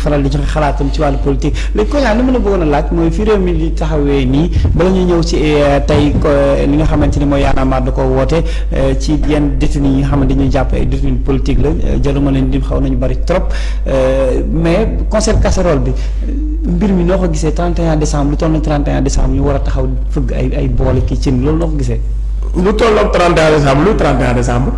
faral di joxe xalaatam ci wàllu politique léegi ko yaa ni mën a bëggoon a laaj mooy fi réew mi di taxawee nii bala ñu ñëw ci eh, tey eh, li nga xamante ni mooy yaanamaar da ko woote eh, ci yenn détenu yi nga xamante ñuy jàpp ay détenu politique la jaruma leen di xaw nañu bari trop mais concert casserole bi mbir mi noo ko gisee 31 décembre lu toll na 31 décembre ñu war a taxaw fëgg ay ay boole loolu noo ko gisee lu toll 31 décembre lu 31 décembre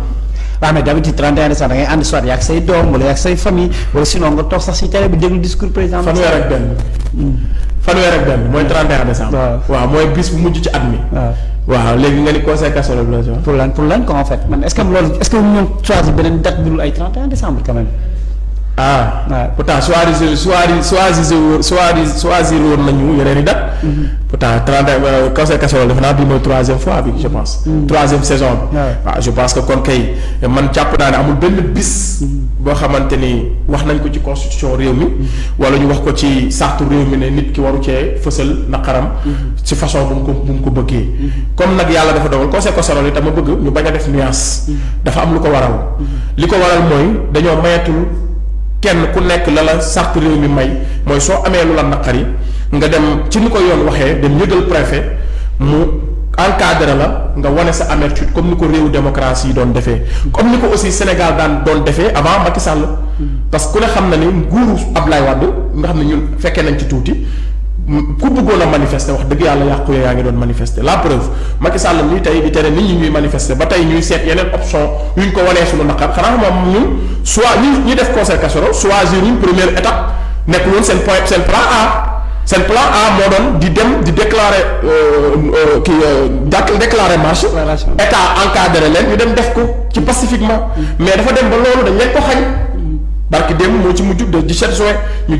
waaw mais d'habitude 31 décembre da ngay ànd soit yaa ak say doom wala yaa ak say famille wala sinon nga toog sax si télé bi déglu discours président. fanweer ak benn hmm. fanweer ak benn mooy 31 décembre. waaw mooy bis bu mujj ci at mi. waaw léegi nga ni conseil constitutionnel pour lan pour lan ko en man est-ce loolu est-ce que choisir beneen date dul ay 31 décembre quand ah waaw pourtant choisir choisir choisir choisir woon nañu yeneen i date. Mm-hmm. pourtant trente Kawsay euh, Casserole defe naa bii mooy troisième fois bi je pense. Mm-hmm. troisième saison bi. waaw ah, je pense que kon kay man jàpp naa ne amul benn bis. Mm-hmm. boo xamante ni wax nañ ko ci constitution réew mi. wala ñu wax ko ci sartu réew mi ne nit ki waru cee fësal naqaram. ci façon bu mu ko bu mu ko bëggee. comme nag yàlla dafa dogal Kawsay Casserole itam ma bëgg ñu bañ a def nuance. dafa am lu ko waral. li ko waral mooy dañoo mayatul. kenn ku nekk la la sart réew mi may mooy soo amee lu la naqari nga dem ci ni ko yoon waxee dem yëgal préfet mu encadré la nga wane sa amertume comme ni ko réewu démocratie yi doon defee comme ni ko aussi Sénégal daan doon defee avant Macky Sall parce que ku ne xam na ni nguuru Ablaye Wade nga xam ne ñun fekkee nañ ci tuuti ku manifester manifester la preuve Macky Sall ñuy tay di nit ñuy manifester ba option une ko sur le soit def soit une première étape nek plan A plan A mo déclarer euh, euh, euh, déclarer marche état encadré ñu dem def ko ci pacifiquement mm. mais dafa dem ba dañ ko mm. barki de 17 juin ñu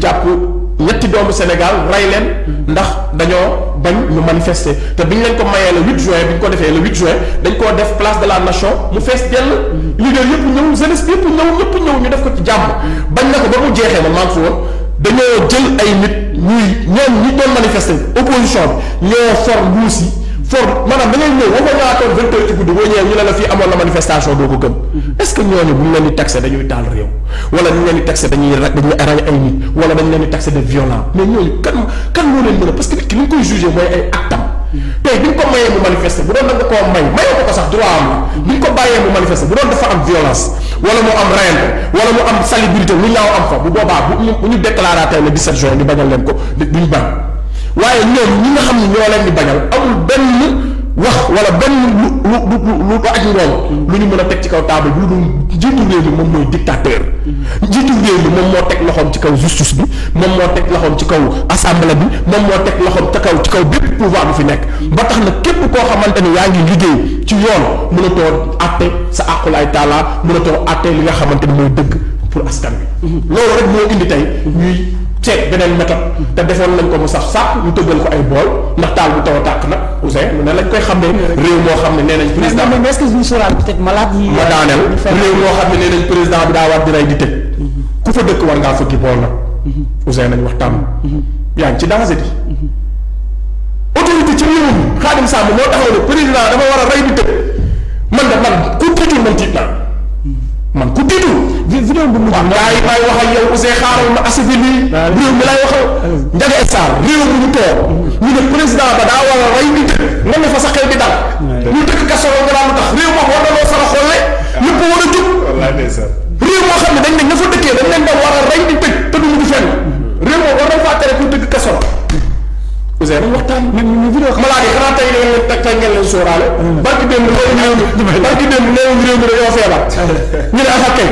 ñetti doomu Sénégal ray leen ndax dañoo bañ ñu manifester te bi ñu leen ko mayee le 8 juin biñ ko defee le 8 juin dañ koo def place de la nation mu fees dell leader yëpp ñëw jeunesse bi yëpp ñëw ñëpp ñëw ñu def ko ci jàmm bañ na ko ba mu jeexee man maa ngi fi woon dañoo jël ay nit ñuy ñoom ñi doon manifester opposition bi ñoo for mbuus yi forme maanaam da ñëw waxoon naa toog vingt ci guddi boo ñu ne la fii amoon na manifestation doo ko gëm est ce que bu ñu leen di taxé dañuy taal réew wala ñu leen di taxé dañuy ra dañuy ko mayee ñu ko waaye ñoom ñi nga xam ne ñoo leen bi bañal amul benn wax wala benn lu lu lu lu lu aju loolu mm-hmm. lu ñu mën a teg ci kaw table bi lu dul njiitu réew mi moom mooy dictateur mm-hmm. njiitu réew mi moom moo teg loxoom ci kaw justice bi moom moo teg loxoom ci kaw assemblée bi moom moo teg loxoom ca ci kaw bépp pouvoir bu fi nekk mm-hmm. ba tax na képp koo xamante ni yaa ngi liggéey ci yoon mënatoo àtte sa ay àqulaay taalaa mënatoo àtte li nga xamante ni mooy dëgg pour askan bi loolu rek moo indi tey ñuy seet beneen méthode te defoon lañ ko mu sax sàpp ñu tëggal ko ay bool ndax taal bu taw a tàkk nag Ousseyn mu ne lañ koy xam ne réew moo xam ne nee nañ président mais est-ce que ñu sóoraal peut-être malade yi ma daaneel euh, réew moo xam ne nee nañ président bi daa war di rey di tëj mm-hmm. ku fa dëkk war ngaa fëggi bool nag mm-hmm. Ousseyn nañ waxtaan mm-hmm. yaa ngi ci danger di autorité ci réew mi Khadim Samb moo taxaw ne président dafa war a rey di tëj man da man ku tëjul man tiit naa man ku tiitu. vi vidéo bu mujj. waaw gars yi may wax ak yow Ousseyn xaaral ma assurer lii. réew mi lay waxal. Ndiaga Sarr réew mi ñu toog. ñu ne président ba daa war a rey nit. nga ne fa sa xel bi dal. ñu dëkk kaso nga daan tax réew moom war na loo sara xolle. ñëpp war a jub. réew moo xam ne dañ ne fa dëkkee dañ leen da war a rey di tëj te du mujj fenn. réew moom war na faa tere ku dëkk kaso la. Ousseyn dañ waxtaan même ñu vidéo xam malade yi xanaa tey ngeen leen teg tey ngeen leen sóoraale hmm. barki démb réew mi barki mi réew mi dañoo feebar ñu ne afak ah, kay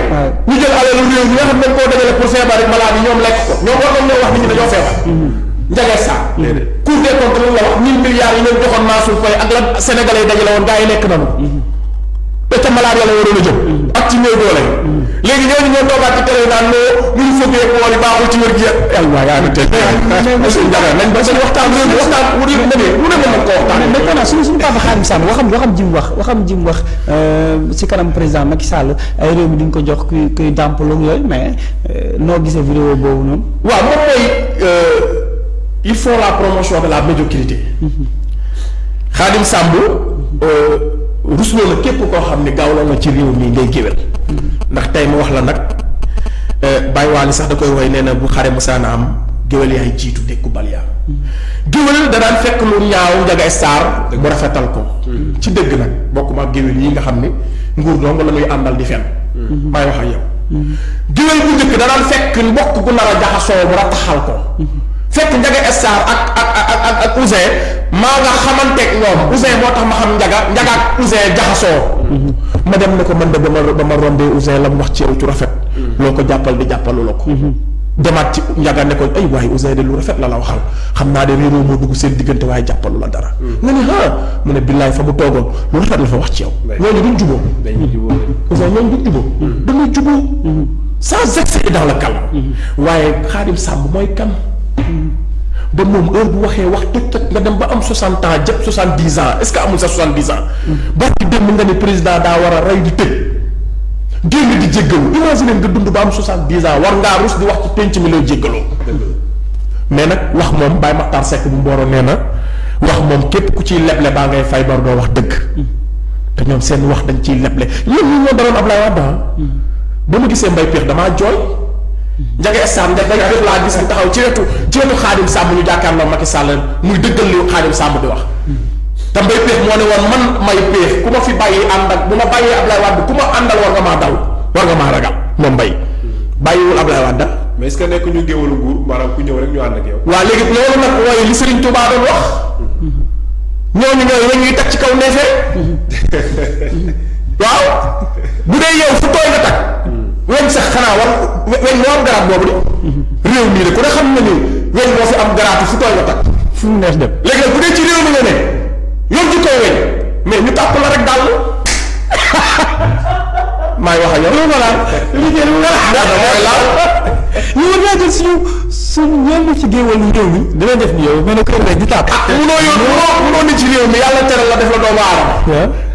ñu jël alalu réew mi nga xam ne koo dajale pour feebar rek malade yi ñoom ko ñoom war nañ ñoo wax nit ñi dañoo feebar hmm. njagee saa cour des comptes lañ la wax mille milliards yi leen joxoon Mansour Faye ak la sénégalais yi dajale woon gars yi lekk hmm. la waroon a jëm ak ci néew léegi ñooñu ñoo toogaat ci télé naan moo ñu fëggee bool yi baaxul ci wér gi yàlla waaye yaa ngi teel suñu dara nañ ba suñu waxtaan suñu waxtaan wu ne mu ne mën ko waxtaan mais kon suñu suñu papa Xaadim Sall waxam waxam ji mu wax waxam ji mu wax si euh, kanam président Macky Sall ay réew mi duñ ko jox kuy kuy dàmpaloo yooyu mais euh, noo gisee vidéo boobu noonu waaw moom mooy euh, il faut la promotion de la médiocrité Xaadim mhm. Samb rusloo la képp koo xam ne gaaw la ci réew mi ngay géwél ndax tey ma wax la nag euh, Baye Waly sax da koy woy nee na bu xare musaana am géwél yaay jiitu dékku bal yaa géwél da daan fekk lu ñaaw njaga star mu rafetal ko ci dëgg nag bokkuma ak géwél yi nga xam ne nguur dong la ñuy àndal di fen may wax ak yow géwél bu njëkk da daan fekk mbokk gu nar a jaxasoo mu rattaxal ko fekk njaga star ak ak ak ak ak Ouzin maa nga xamanteeg ñoom Ouzin moo tax ma xam njaga njaga ak Ouzin jaxasoo ma dem ne ko man de ba ma ba la mu wax ci yow ci rafet. Mm-hmm. loo ko jàppal di jàppalu la ko. Mm-hmm. demaat ci njaga ne ko ay waaye Ouzin de lu rafet la la waxal xam naa de réeroo moo dugg seen diggante waaye jàppalu la dara. Mm-hmm. nga ne ah mu ne billaay fa mu toogoon lu rafet la fa wax ci yow. ñooñu duñ jubóo. dañuy jubóo Ouzin ñooñu duñ jubóo. dañuy jubóo. sans excès dans le calme. waaye Xaadim Samb mooy kan. ba moom heure bu waxee wax toj toj nga dem ba am 60 ans jëpp 70 ans est ce que amul sa 70 ans. barki démb nga ne président daa war a rey di tëj. génn di jéggalu imaginer nga dund ba am 70 ans war ngaa rus di wax ci penc mi lay jéggaloo. mais nag wax moom Baye Makhtar Seck bu Mboro nee na wax moom képp ku ciy leble baa ngay fay bar doo wax dëgg. te ñoom seen wax dañ ciy leble ñun ñoo daloon Ablaye Wade ba ma gisee mbay peex damaa jooy. Ndiaga Sane ndax dañu def laa gis mu taxaw ci wetu ci wetu Xaadim Samb ñu jàkkaarloo Macky Sall muy dëggal li Xaadim Samb di wax. te Mbaye Péex moo ne woon man may péex ku ma fi bàyyi ànd ak bu ma bàyyee Ablaye Wade ku ma àndal war nga maa daw war nga maa ragal moom Mbaye bàyyiwul Ablaye Wade. mais est-ce que nekk ñu géwalu nguur maanaam ku ñëw rek ñu ànd ak yow. waaw léegi loolu nag mooy li Serigne Touba doon wax. ñooñu ñooy la ñuy teg ci kaw neefee. weñ sax xanaa war weñ moo am garaat boobu de réew mii de ku ne xam na ni weñ moo fi am garaatu fu tooy la takk fu mu neex dem léegi nag bu dee ci réew mi nga ne yor ji koy weñ mais ñu la rek daal maay wax ak yow loolu voilà liggéey lu wala def ni yow di tàpp ah, munoo yoon munoo munoo ni ci réew mi yàlla teral la doomu aadama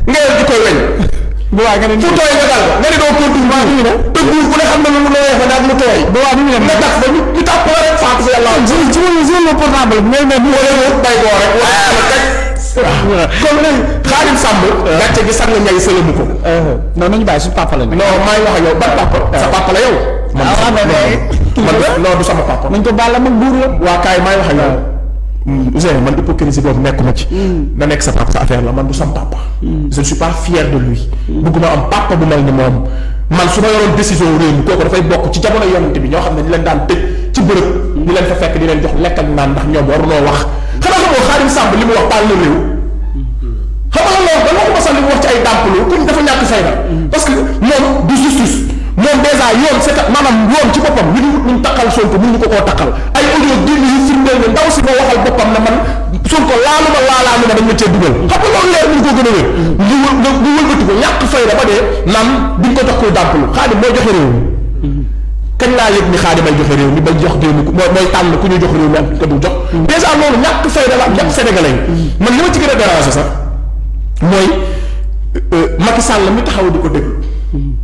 nga yor ji koy weñ bu waay nga ne fu tooy nga daal nga ne doo contour waaw ñu ne te buur bu ne xam na lu mu nooyee fa daal mu tooy bu waay ñu ne nga tax ba ñu ñu tàpp la rek faatu fa yàlla ci ci ci le portable mais mais bu wala wut bay doo rek wala la kaj ah. kon nag xaarim sàmb ah. gàcce gi sang ñay sëlëmu ko ah. non nañu bàyyi su papa la non maa ngi wax ak yow ban papa sa papa la yow man non du sama papa nañ ko baal la mag buur la waa kaay maa ngi wax ak yow Ousseyn man hypocrisie boobu nekkuma ci. Hmm. na nekk sa papa sa affaire la man du sam papa. je suis pas fier de lui. Hmm. bëgguma am papa bu mel ni moom man su ma yoroon décision réew mi kooku dafay bokk ci jamono yonent bi ñoo xam ne ñu leen daan tëj ci bërëb. ñu hmm. leen fa fekk di leen jox lekk naan ndax ñoom warunoo wax. xanaa xamoo Xaadim Samb li mu wax taal na réew. xam nga loolu ba waxuma sax li mu wax ci ay dàmpalu comme dafa ñàkk fayda. parce que moom du moom dèjà yoon c'est maanaam yoon ci boppam ñu ngi wut ñu takkal mun ñu ko koo takkal ay audio génn yu firndeel ne ndaw si ko waxal boppam ne man Sonko laalu ma laalaanu ma dañ ma cee dugal xam ko a wér ñu wël ñu wëlbati ko ñàkk ko jox koy dàmpalu xaadim mooy joxe réew mi kañ laa yëg ni xaadim ay joxe réew mi bay jox réew mi mooy tànn ku ñu jox réew mi ak te du jox dèjà loolu ñàkk fay la am ñàkk sénégalais yi man li ma ci gën a déranger sax mooy euh, Macky la mi taxaw di ko déglu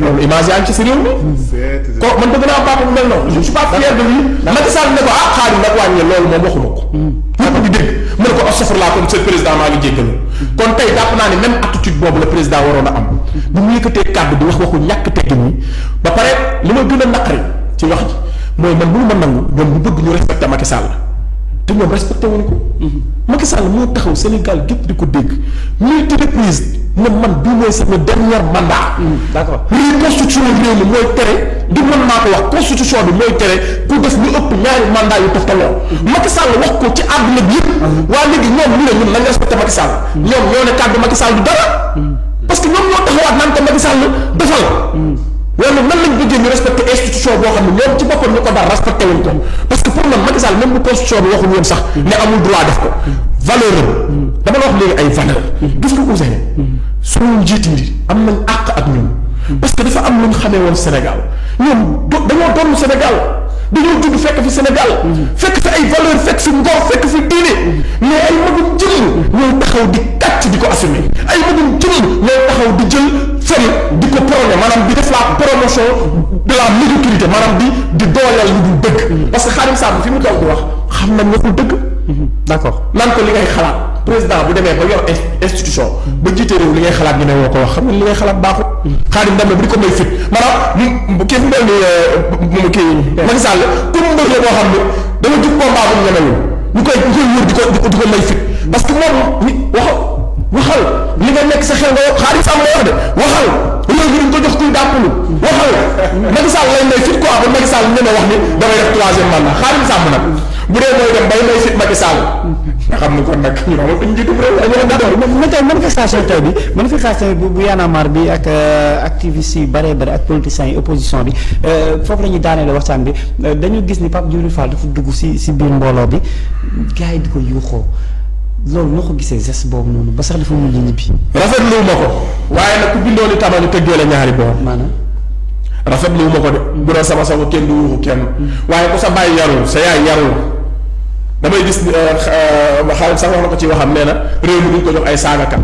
loolu image yaa ngi ci si réew mi. ko man bëgg naa papa bu mel noonu. je suis ko ah xaaral nag wàññi loolu moom waxuma ko. Hmm. ñëpp mu ko astafurlaa kon seen président maa ngi jéggalu kon tey boobu la président waroon a am. bu mu yëkkatee kàddu di wax waxu ñàkk teggin yi ma gën a naqari ci wax ji mooy ma nangu ñoom ñu bëgg ñu respecté Macky Sall te ñoom respecté wuñ ko. Hmm. Macky moo taxaw Sénégal gépp di ko dégg mille reprises ne man bii mooy sama dernier mandat. d' accord lii constitution réew mi mooy tere di mën maa ko wax constitution bi mooy tere ku def lu ëpp ñaari mandat yu toftaloo. ko ci àdduna bi yëpp. waa léegi ñoom ñu ne ñun nañ respecté ñoo ne kàddu Macky Sall du dara. parce que ñoom ñoo taxawaat naan ko Macky Sall defal. loolu nan boo xam ne ñoom ci boppam ñu ko daan respecté wuñ ko parce pour man Macky Sall même bu constitution bi waxul sax. ne amul droit def ko. valeur dama la wax léegi ay valeur gis nga Ouzin suñu njiit yi am nañ àq ak ñun parce que dafa am lu ñu xamee woon Sénégal ñoom dañoo doon Sénégal dañoo judd fekk fi Sénégal fekk fi ay valeur fekk fi ngor fekk fi diine mais ay magum jël ñooy taxaw di kàcc di ko assumé ay magum jël ñooy taxaw di jël fen di ko prôné maanaam di def la promotion de la médiocrité maanaam di di dooleel lu dul dëgg parce que Xaadim Samb fi mu toog di wax xam nañ waxul dëgg Mm-hmm. d' accord naan ko li ngay xalaat président bu demee ba yor institution. ba jiite réew li ngay xalaat ñu ne woo ko wax xam nga ni ngay xalaat baaxut. Mm-hmm. xaadim dem na bu di ko may fit maanaam bu kii fi mu mel nii euh, kii. Macky Sall pour mu mbër la boo xam ne koy ñu ni nga nekk sa xel nga wax xaadim Sall nga wax de waxal réew mi ko jox kuy dàppalu waxal mm-hmm. Macky Sall lay may fit quoi ba Macky Sall ñeme wax ni damay def troisième mandat xaadim Sall nag. bu dee mooy dem bay may sit Macky Sall nga xam ne kon nag ñu amatuñ njiitum réew mi tey manifestation tey bi manifestation bu bu yaanamaar bi ak euh, activistes yi bëree bëri ak politiciens yi opposition bi euh, foofu la ñuy daaneele waxtaan bi euh, dañu gis ni Pape Djibril Fall dafa dugg si si biir mbooloo bi gars yi di ko yuuxoo loolu noo ko gisee geste boobu noonu ba sax dafa mujj ñibbi rafetlu ma ko waaye nag ku bindooni tamani tëggee la ñaari boor maanaam rafetlu wu ma ko de bu doon sama sangu kenn du yuuxu kenn waaye ku sa bàyyi yarul sa yaay yarul damay gis euh, euh, xaalis sax wax na ko ci waxam nee na réew mi duñ ko jox ay saagakat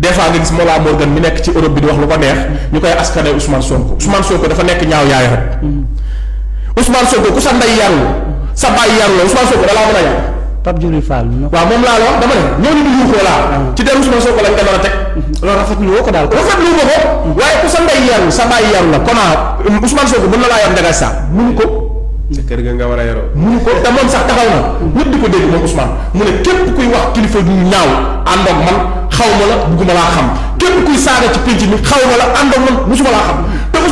des fois nga gis Mollah Morgan mi nekk ci Europe bi di wax lu ko neex ñu koy askane Ousmane Sonko Ousmane Sonko dafa nekk ñaaw yaay rek Ousmane Sonko ku sa ndey yarul sa bàyyi yarul la Ousmane Sonko da laa a yar Pape Djibril Fall. waaw moom laa la wax dama ne ñooñu ñu yuuxoo laa. Ah. ci dellu Ousmane Sonko lañ ko mën a teg. Mm-hmm. loolu rafetlu woo ko daal. rafetlu woo ko waaye ku sa ndey yaru sa baay la kon um, Ousmane Sonko mën na laa yor ndagaay saa mënu ko. sa kër ga nga war a yoroo. mënu ko te moom sax taxaw na. Mm-hmm. ñëpp di ko dégg moom Ousmane mu ne képp kuy wax kilifa du ñaaw ànd ak man xaw ma la bugguma laa xam képp kuy saaga ci pénc mi xaw ma la ànd ak man musuma laa xam kenn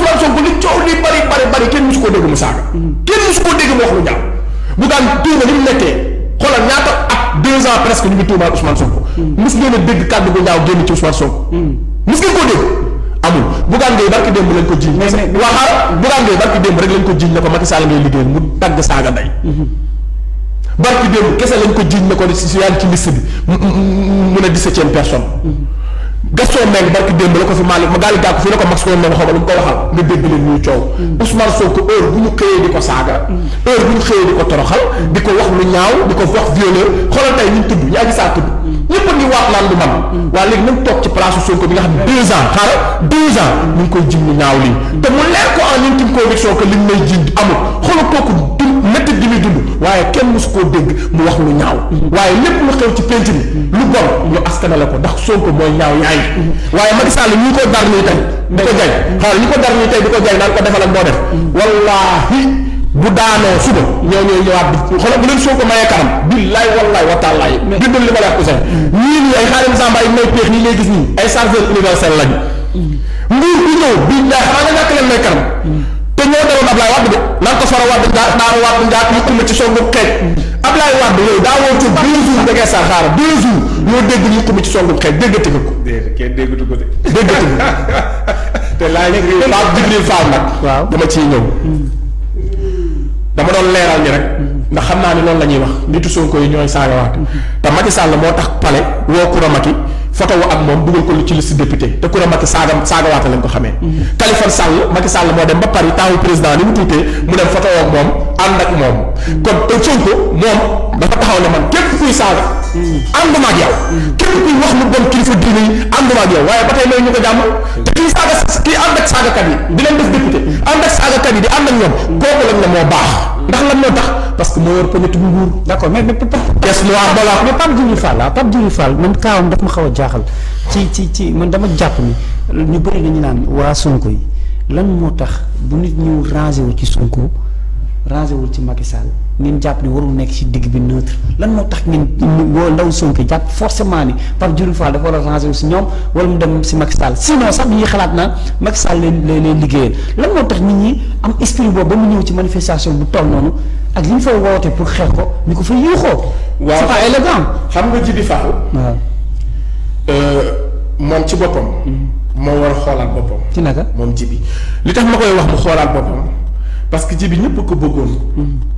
musu koo dégg mu saaga. Mm-hmm. kenn musu koo xoolal ñaata ak deux ans presque ñu ngi tuumaal Ousmane Sonko. mos mm. ngeen a dégg kàddu gu ñaaw génn ci Ousmane Sonko. mos mm. ngeen koo dégg amul Bougane Gueye barki démb lañ ko jiiñ. mais a waaw xaaral Bougane Gueye barki démb rek lañ ko jiiñ ne ko ma Sall ngay liggéey mu dagg saaga ndey. Mm-hmm. barki démb kese lañ ko jiiñ ne ko si yaa ngi ci liste bi mu ne dix-septième personne. Mm-hmm. Gaston Mbengue barki démb la ko fi Malick ma Malick Gakou fii la ko Max Koungheul xamal lu mu ko waxal nga dégg leen ñuy coow. Mm. Ousmane Sonko heure bu ñu xëyee di ko saaga. Mm. heure bu ñu xëyee di ko toroxal. di ko wax lu ñaaw di ko wax violeur xoolal tey ñu tudd yaa ngi saa tudd. Mm. ñëpp a ngi waat naan du man. waa léegi nañ toog ci place Sonko bi nga xam ne deux ans xaaral deux ans ñu ngi koy jim ñaaw lii. te mu leer ko en intime conviction que liñ may jiñ amul xoolal kooku. métti gi muy waaye kenn mosu koo dégg mu wax lu ñaaw waaye lépp lu xew ci penc mi lu bon ñu askanale ko ndax Sonko mooy ñaaw yaay waaye Macky Sall ñu ko nii tey bu ko jaay xaw ñu ko dar nii tey bu ko jaay naan ko defal moo def wallaahi bu daanoo suba ñoo ñooy ñëwaat bi bu leen soo ko mayee kanam billaay wallaay la may peex nii lay gis nii ay chargeur universel lañu mm. nguur bu ñëw billaay xanaa nga ñàkk leen may kanam ñoo daloon Ablaye Wade de nan ko fara Wade ndaa daara Wade ndaa yëpp ma ci songu xeej Ablaye Wade yooyu daa woon ci deux jours da ngay sa xaar deux jours ñoo dégg yëpp ma ci songu xeej déggati ko. déedéet déggatu ko de. déggati ko te laaj Jibril Fall Jibril Fall nag. waaw dama ciy ñëw. dama doon leeral ñi rek. ndax xam naa ne loolu la ñuy wax nitu Sonko yi ñooy saagawaat. te Macky Sall moo tax pale woo Koura Macky. photo wo ak moom dugal ko ci liste député te ku ne Macky saaga saagawaate lañ ko xamee. Khalifa Sall Macky Sall moo dem ba Paris taawu président ni mu tuutee mu dem photo wo ak moom ànd ak moom. kon te Sonko moom dafa taxaw ne man képp kuy saaga. ànduma ak yow. képp kuy wax lu bon kilifa diine yi ànduma ak yow waaye ba tey loolu ñu ko jàmm. te kii saaga kii ànd ak saagakat yi di leen def député ànd ak saagakat yi di ànd ak ñoom kooku lañ ne moo baax. ndax lan moo tax parce que moo yor politique nguur. d' accord mais mais Pap Djibril Fall ah Pap Djibril Fall man kaawam daf ma xaw a jaaxal ci ci ci man dama jàpp ni ñu bëri dañu naan waa Sonko yi lan moo tax bu nit ñu rangé wu ci Sonko rangé wul ci Macky Sall ngeen jàpp ni warul nekk ci digg bi neutre lan moo tax ngeen woo ndaw Sonko jàpp forcément ni Pape Djibril Fall dafa war a ranger si ñoom wala mu dem si Macky Sall sinon sax ñuy xalaat naan Macky Sall lay lay lan moo tax nit ñi am ba mu ñëw ci manifestation bu toll noonu ak li ñu fa woote pour xeex ko ñu ko fa yuuxoo. waaw c'est pas élégant. xam nga Djibi Fall. waaw. Euh, ci boppam. Mm-hmm. moo war boppam. ci naka moom Djibi li tax ma koy wax mu xoolaat boppam parce que Djibi ñëpp ko bëggoon. Mm-hmm.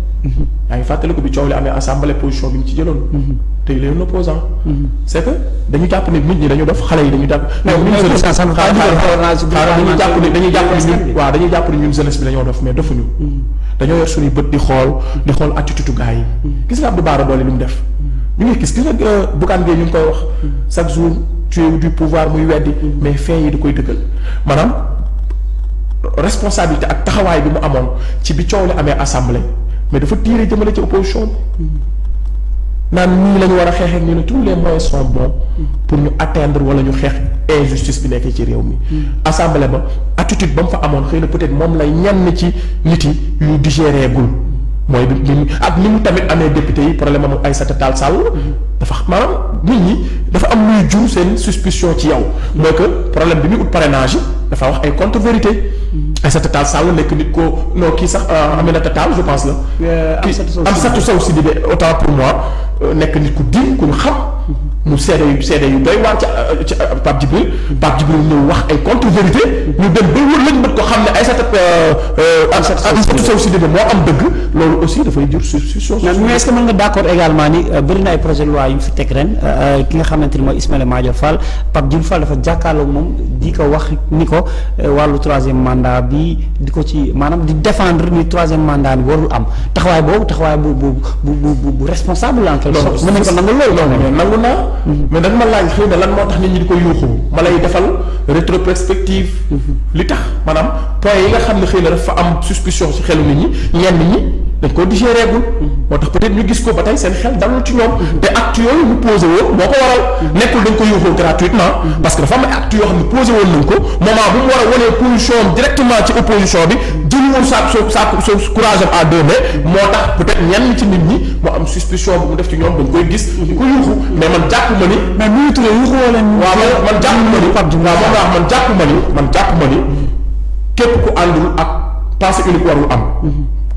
yaa ngi ko bi coow li amee assemblée position bi mu ci jëloon. tey les opposants. c' est que dañu jàpp ne nit ñi dañu def xale yi dañu jàpp. mais bu ñu jëlee sax sax xaaral dañuy jàpp ne dañuy jàpp ne ñun waaw jàpp ne ñun jeunesse bi dañoo def mais defuñu. dañoo yor suñuy bët di xool di xool attitude gars yi. gis nga Abdou Bara Dolly li mu def. ñu ngi gis gis nga kan, Gueye ñu ngi koy wax. chaque jour tu es du pouvoir muy weddi. Mm-hmm. mais fin yi di koy dëggal maanaam responsabilité ak taxawaay bi mu amoon ci bi coow li amee assemblée mais dafa tiré jëmale ci opposition bi naan nii la ñu war a xeexee ñu ne tous les moyens sont bons pour ñu atteindre wala ñu xeex injustice bi nekkee ci réew mi. Mm. assemblée ba attitude ba mu fa amoon xëy na peut-être moom lay ñenn ci nit yi yu digéré gul mooy bi mu ak ni mu tamit amee député yi problème am Aïssata Tall Sall mm-hmm. dafa maanaam nit ñi dafa am luy jur seen suspicion ci yow. Mm-hmm. mooy que problème bi muy ut parrainage dafa wax ay contre-vérité et ça Sall ça nit non euh, je pense ça euh, Sidibé autant pour moi les euh, nit mu seede yu seede yu doy waar ci euh, ci euh, Pape Djibril Pape Djibril ñëw wax ay contre vérité ñu dem ba wër lañ ko xam ne Aïssata euh, Aïssata Sow Sidibé moo am dëgg loolu aussi dafay jur suspicion mais est-ce que mën nga d'accord également ni bëri ay projet de loi yu fi teg ren ki nga xamante ni mooy Ismaïla Madior Fall Pape Djibril Fall dafa jàkkaarloo moom di ko wax ni ko wàllu troisième mandat bi di ko ci maanaam di défendre ni troisième mandat bi am taxawaay boobu taxawaay bu bu bu bu responsable la en quelque sorte mën nañ ko nangu loolu nangu naa mais da nga ma laaj xëy na lan moo tax nit ñi di ko yuuxu ma lay defal rétrospective. Mhm. li tax maanaam point yi nga xam ne xëy na dafa am suspicion ci xelu nit ñi ñenn ñi. dañ ko digéré gul moo tax peut-être ñu gis ko ba tey seen xel dalul ci ñoom te acte yooyu mu posé woon moo ko que dafa am acte yoo xam ne posé woon nañ war a wanee bi jël woon sa sa sa nit ñi mu am suspicion bu def ci ñoom dañ koy gis ñu ko yuuxu man jàpp ma ni mais man jàpp ma ni waaw moom laa man jàpp ma ni man jàpp ma ni képp ku àndul ak passé unique warul am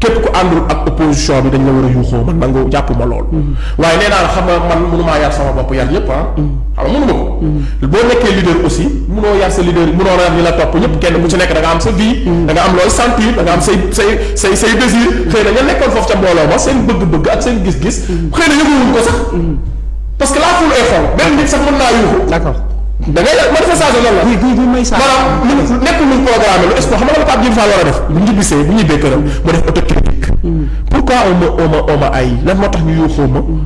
képp ku àndul ak opposition bi dañ la war a yuuxoo man nangu jàpp ma loolu. Mm-hmm. waaye nee naa la xam nga man mënumaa yar bopp yar ñëpp ah. Mm-hmm. xam nga mënuma ko. Mm-hmm. boo nekkee leader aussi mënoo yar sa leader mënoo yar ñi la topp ñëpp kenn ku ci nekk da am sa vie. da nga am looy sentir da am say say say say désir. xëy na ña nekkoon foofu ca mbooloo ba seen bëgg-bëgg ak seen gis-gis. xëy na yënguwuñ ko sax. parce que la foule est folle benn nit sax mën naa yuuxu. da ngay def manifestation la. guy lu nekkul lu espoir xam nga a def bu ñu bisee bu ñubbee këram def autocritique. Hmm. pourquoi tax ñu yuuxoo ma. Hmm.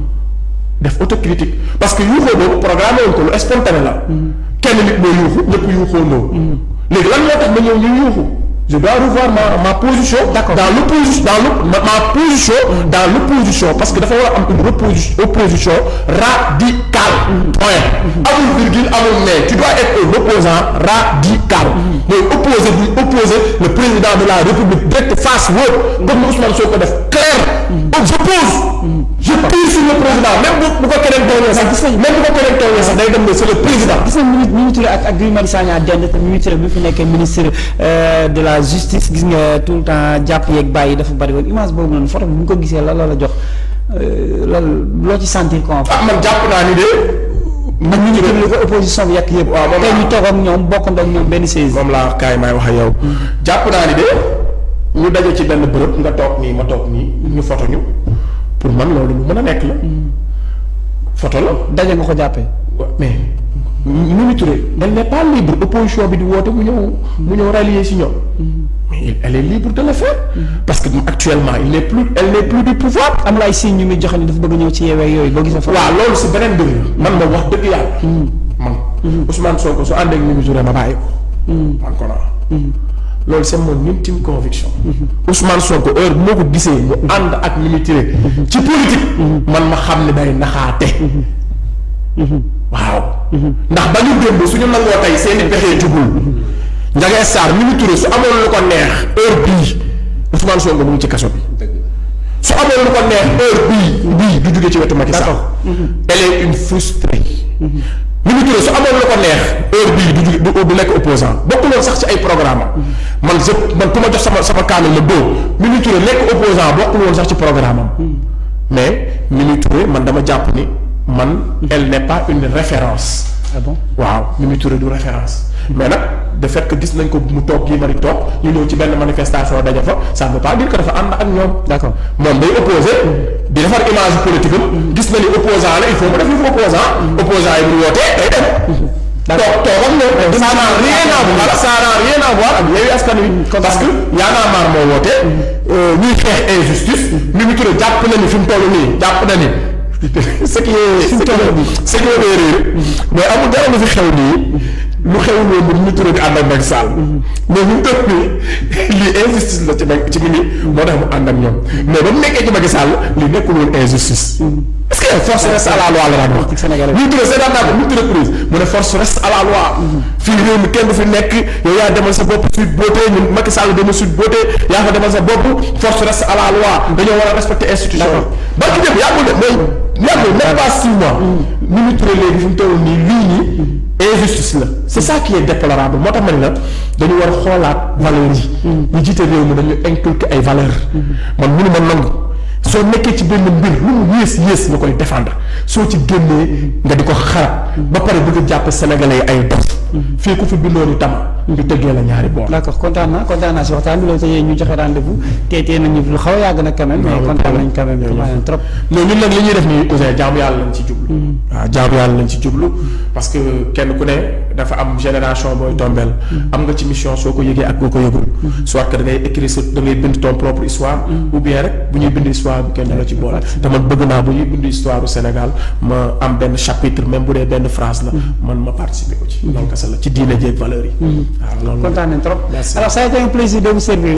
def autocritique parce que yuuxoo boobu programme wuñ ko lu spontané la. Hmm. kenn nit mooy yuuxu ñëpp yuuxoo noonu. léegi lan moo tax ma ñëw ñu yuuxu. je dois revoir ma, position dans l'opposition dans position dans l'opposition parce que dafa avoir une opposition radicale mm-hmm. Mm-hmm. mais tu dois être un opposant radical mais mm-hmm. opposé opposer le président de la république direct face wóor comme Ousmane Sonko def clair donc j'oppose président même bu ko keneen tooñee sax bu ko keneen tooñee sax dem ne c'est le gis ak ak Guy Marius Sagna dend te bi fi nekkee ministre euh, de la gis nga tout le temps jàpp yeeg bàyyi dafa bari woon image boobu noonu photo bi bu ñu ko gisee la la jox euh, lan loo ci sentir comment ah man jàpp naa ni de man ñu ngi li ko opposition bi yàq yëpp. waaw moom tey ñu toog ak ñoom bokkandoo ak ñoom benn saisi. moom laa kaay maay wax ak yow. Hmm. jàpp naa ni de ñu daje ci benn bërëb nga toog nii ma toog nii ñu foto ñu. pour man loolu lu mën a nekk la. photo la daje nga ko jàppee. mais mu Touré elle n'est pas libre opposition bi di woote mu ñëw. mu ñëw rallier si ñoom. mais elle est libre de le faire. parce que actuellement il n'est plus elle n'est plus du pouvoir. am na ay signes yu muy joxe ni dafa bëgg ñëw ci yeewee yooyu boo gisee. waaw loolu si beneen mbir mm-hmm. man moom wax dëgg yàlla. Mm-hmm. man Ousmane Sonko su ànd ak Mimi Touré ma bàyyi ko. encore mm-hmm. loolu c'est mon ultime conviction mm-hmm. Ousmane Sonko heure moo ko gisee mu ànd ak Mimi Touré mm-hmm. ci politique mm-hmm. man ma xam ne day naxaate waaw ndax ba ñu démb suñu nangoo tey seen i pexe jubul Ndiaga Sarr Mimi Touré ko neex heure bii Ousmane Sonko mu ngi ci kaso bi su amoon lu ko neex heure bii bii du jóge ci wetu Macky Sall elle est une frustrée Mimi Touré su amoon lu ko neex heure bi du jóge du nekk opposant bokkuloon sax ci ay programme man je man kuma jox sama sama kaanu ma dóor Mimi Touré nekk opposant bokkul won sax ci programme mais minuteur Touré man dama japp ni man. elle n'est pas une référence. ah bon waaw minuteur Touré du référence. mais nak de fait que gis nañ ko mu tok gii mari tok ñu ñëw ci benn manifestation daja fa ça ne veut pas dire que dafa and ak ñom d'accord mom day opposer di defar image politique gis na ni opposant la il faut mu def opposant mm-hmm. opposant yi bu ñu day dem. d' accord toolam nga. ça n'a rien à voir ça n'a rien à voir ak Yewwi Askan Wi. parce que Y'en a moo woote. Euh, ñuy xeex mu tudd jàpp na ni fi mu toll nii jàpp na ni. ce qui est ce mais amul de lu fi xew nii lu xew loolu mu ñu turee di ànd ak Macky Sall mais ñu ëpp lii injustice la ci ci mi ni moo tax mu ànd ak ñoom mais ba mu nekkee ci Macky Sall li nekkul woon injustice. Eh, force reste à la loi la daan mu ne force reste à fii réew mi kenn du fi nekk yow yaa demal sa bopp suite beauté ñun Macky Sall demal suite beauté yaa fa demal sa bopp force reste à dañoo war a respecter institution barki dem yàggul de mais yàggul même pas six mois. Mm. ñu ngi tuddee léegi fi mu toll nii lii nii. injustice la c'est ça qui est déplorable moo tax ma la dañu war a xoolaat valeurs yi. Mm. ñu jiite réew mi dañu inculquer ay valeurs. Mm-hmm. man mënu soo nekkee ci benn mbir lu mu yées yées nga koy défendre soo ci génnee nga di ko xarab ba pare bëgg jàpp sénégalais yi ay dof fii ku fi bindoo ni tam ñu tëggee la ñaari boor. d' accord kontaan naa kontaan naa si waxtaan bi loolu tey ñu joxe rendez tey tey nañu lu xaw a yàgg nag quand même. mais ah, kontaan nañ quand même vraiment trop. non ñun nag li ñuy def nii Ousseyn jaamu yàlla lañ ci jublu. waaw mm. ah, jaamu yàlla lañ ci jublu mm. parce que kenn ku ne. dafa am génération booy tombeel mm-hmm. am nga ci mission soo ko yëgee ak boo ko yëgul mm-hmm. soit que da ngay écrire sa da bind ton propre histoire mm-hmm. ou bien rek bu ñuy bind histoire bi kenn du la ci boole te man bëgg naa bu ñuy bind histoire Sénégal ma am benn chapitre même bu dee benn phrase la man ma participer ko ci loolu la ci diine jéeg valeur yi waaw loolu kontaan trop alors ça a été un plaisir de vous servir